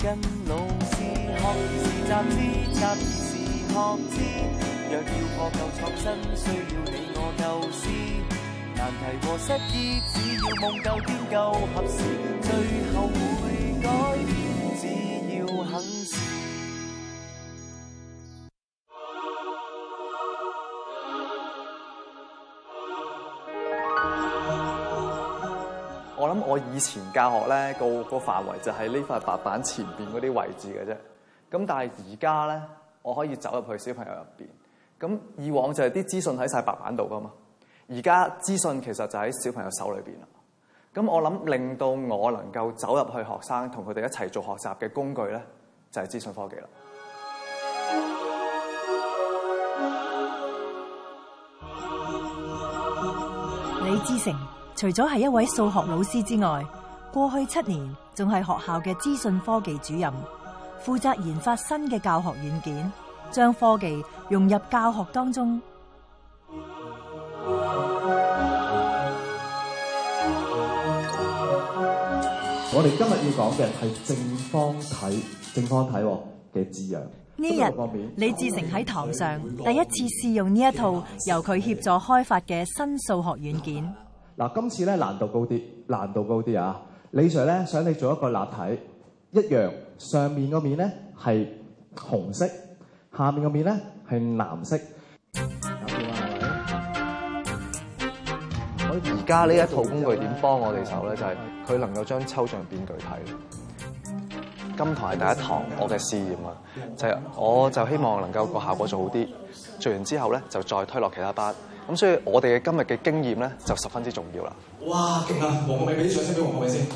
跟老師學而時習之；習而時學之。若要破舊創新，需要你我構思。難題和失意，只要夢夠堅，夠合時最後會改變。我諗我以前教學咧個個範圍就係呢塊白板前邊嗰啲位置嘅啫，咁但係而家咧我可以走入去小朋友入邊，咁以往就係啲資訊喺晒白板度噶嘛，而家資訊其實就喺小朋友手裏邊啦。咁我諗令到我能夠走入去學生同佢哋一齊做學習嘅工具咧，就係資訊科技啦。李志成。除咗係一位數學老師之外，過去七年仲係學校嘅資訊科技主任，負責研發新嘅教學軟件，將科技融入教學當中。我哋今日要講嘅係正方體，正方體嘅字樣。呢日李志成喺堂上第一次試用呢一套由佢協助開發嘅新數學軟件。嗱，今次咧難度高啲，難度高啲啊！李 Sir 咧想你做一個立體，一樣上面個面咧係紅色，下面個面咧係藍色。係咪？我而家呢一套工具點幫我哋手咧？就係、是、佢能夠將抽象變具體。今堂係第一堂我嘅試驗啊，就我就希望能夠個效果做好啲，做完之後咧就再推落其他班。咁所以我哋嘅今日嘅經驗咧就十分之重要啦。哇，勁啊！黃學偉，俾啲掌聲俾黃學偉先。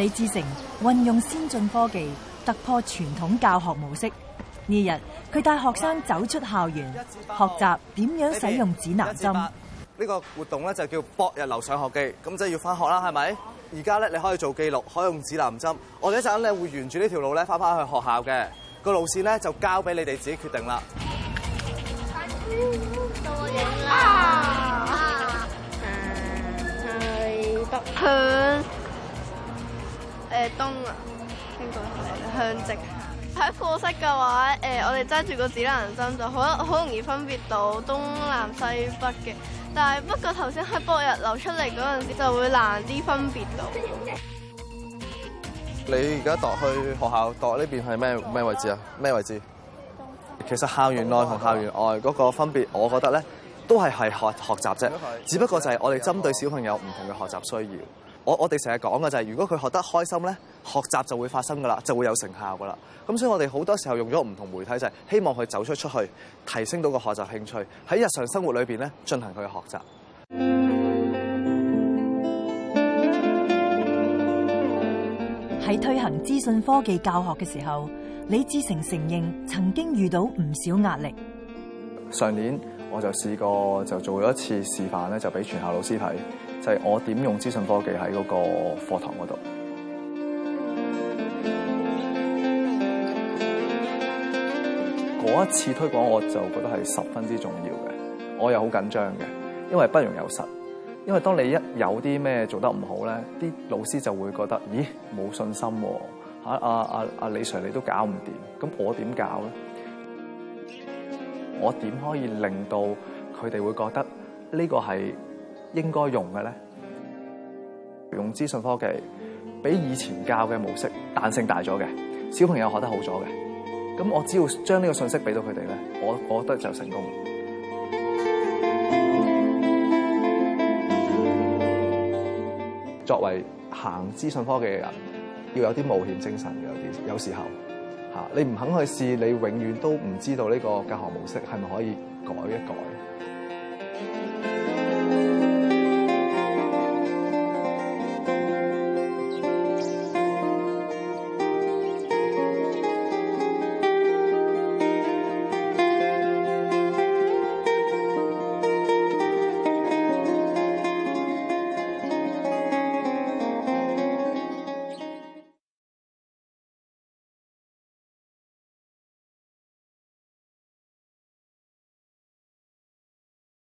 李志成運用先進科技突破傳統教學模式。呢日佢帶學生走出校園，學習點樣使用指南針。呢個活動咧就叫博日流上學記，咁即係要翻學啦，係咪？而家咧你可以做記錄，可以用指南針。我哋一陣咧會沿住呢條路咧翻返去學校嘅，個路線咧就交俾你哋自己決定啦。了啊！係北向誒東，啊，應該係向直。課室嘅話，誒，我哋揸住個指南針就好好容易分別到東南西北嘅。但係不過頭先喺白日流出嚟嗰陣時，就會難啲分別到。你而家度去學校度呢邊係咩咩位置啊？咩位置？位置其實校園內同校園外嗰個分別，我覺得咧都係係學學習啫，只不過就係我哋針對小朋友唔同嘅學習需要。我我哋成日講嘅就係，如果佢學得開心咧，學習就會發生㗎喇，就會有成效㗎喇。咁所以我哋好多時候用咗唔同媒體，就係希望佢走出出去，提升到個學習興趣，喺日常生活裏邊咧進行佢嘅學習。喺推行資訊科技教學嘅時候，李志成承認曾經遇到唔少壓力。上年我就試過就做咗一次示範咧，就畀全校老師睇。就係我點用資訊科技喺嗰個課堂嗰度。嗰一次推廣，我就覺得係十分之重要嘅。我又好緊張嘅，因為不容有失。因為當你一有啲咩做得唔好咧，啲老師就會覺得，咦，冇信心喎、啊。嚇、啊，阿、啊、阿、啊、李 Sir 你都搞唔掂，咁我點搞咧？我點可以令到佢哋會覺得呢個係？應該用嘅咧，用資訊科技，比以前教嘅模式彈性大咗嘅，小朋友學得好咗嘅，咁我只要將呢個信息俾到佢哋咧，我覺得就成功。 作為行資訊科技嘅人，要有啲冒險精神嘅，有啲有時候，啊，你唔肯去試，你永遠都唔知道呢個教學模式係咪可以改一改。